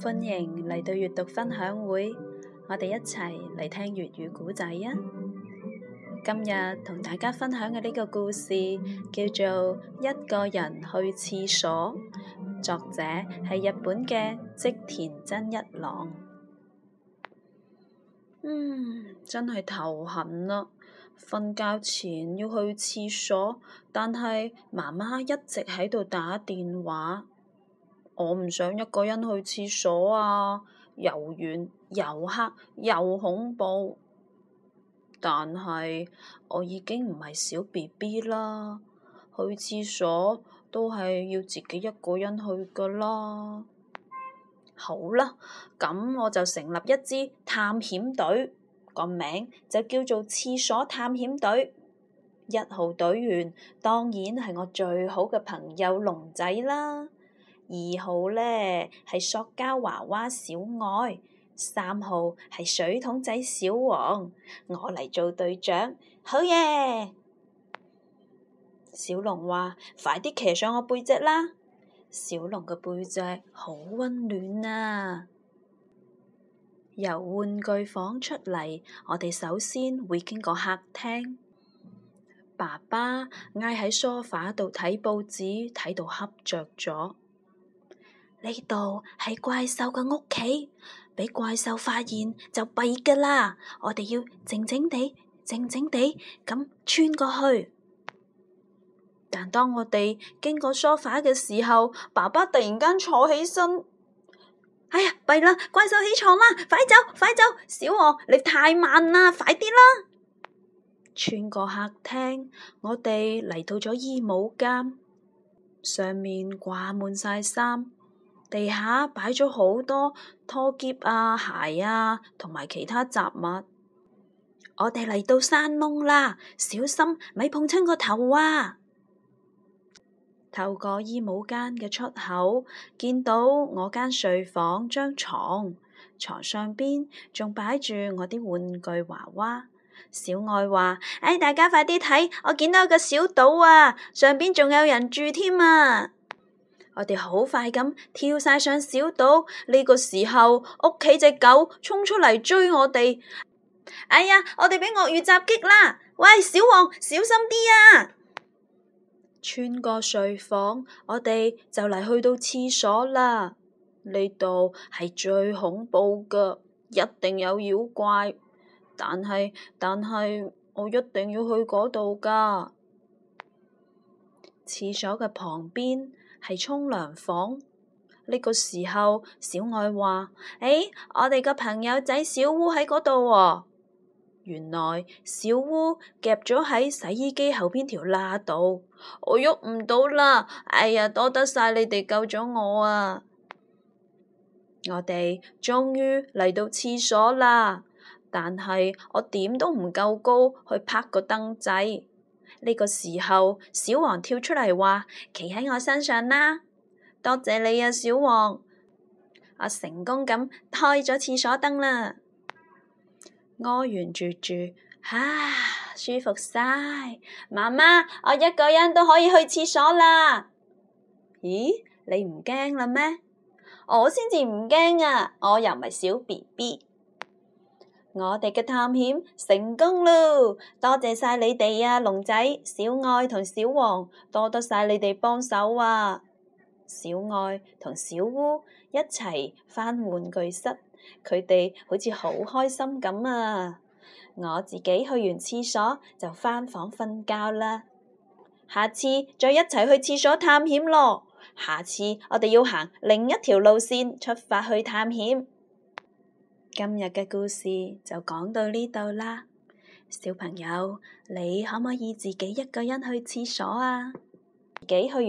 歡迎嚟到閱讀分享會，我哋一齊嚟聽粵語古仔啊！今日同大家分享嘅呢個故事叫做《一個人去廁所》，作者係日本嘅織田真一郎。嗯，真係頭痕咯！瞓覺前要去廁所，但係媽媽一直喺度打電話。我唔想一個人去廁所啊！又遠又黑又恐怖，但係我已經唔係小 BB 啦，去廁所都係要自己一個人去㗎啦。好啦，咁我就成立一支探險隊，個名就叫做廁所探險隊。一號隊員當然係我最好嘅朋友龍仔啦。二號呢，係塑膠娃娃小愛，三號係水桶仔小王，我嚟做隊長，好耶！小龍話：快啲騎上我背脊啦！小龍嘅背脊好溫暖啊！由玩具房出嚟，我哋首先會經過客廳。爸爸挨喺梳化度睇報紙，睇到恰着咗。呢度係怪獸嘅屋企，俾怪獸發現就弊噶啦。我哋要靜靜地、靜靜地咁穿過去。但當我哋經過梳化嘅時候，爸爸突然間坐起身，哎呀，弊啦！怪獸起床啦，快走，快走！小王你太慢啦，快啲啦！穿過客廳，我哋嚟到咗衣帽間，上面掛滿晒衫。地下擺咗好多拖鞋啊、鞋啊，同埋其他雜物。我哋嚟到山窿啦，小心咪碰親個頭啊！透過衣帽間嘅出口，見到我間睡房張床，床上邊仲擺住我啲玩具娃娃。小愛話：哎，大家快啲睇，我見到一個小島啊，上邊仲有人住添啊！我哋好快咁跳晒上小島。呢個時候，屋企隻狗衝出嚟追我哋。哎呀，我哋俾鱷魚襲擊啦！喂，小王，小心啲啊！穿過睡房，我哋就嚟去到廁所啦。呢度係最恐怖噶，一定有妖怪。但係但係，我一定要去嗰度噶廁所嘅旁邊。係沖涼房，呢個時候，小愛話：，誒、哎，我哋個朋友仔小烏喺嗰度喎。原來小烏夾咗喺洗衣機後邊條罅度，我喐唔到啦。哎呀，多得晒你哋救咗我啊！我哋終於嚟到廁所啦，但係我點都唔夠高去拍個燈仔。呢個時候，小王跳出嚟話：，企喺我身上啦。多謝你啊，小王。我成功咁開咗廁所燈啦，屙完住住，啊，舒服晒！媽媽，我一個人都可以去廁所啦。咦，你唔驚啦咩？我先至唔驚啊，我又唔係小 BB。我哋嘅探險成功咯，多謝晒你哋啊，龍仔、小愛同小黃，多多晒你哋幫手啊！小愛同小烏一齊翻玩具室，佢哋好似好開心咁啊！我自己去完廁所就返房瞓覺啦，下次再一齊去廁所探險咯。下次我哋要行另一條路線，出發去探險。今日嘅故事就講到呢度啦，小朋友，你可唔可以自己一個人去廁所啊？自己去完。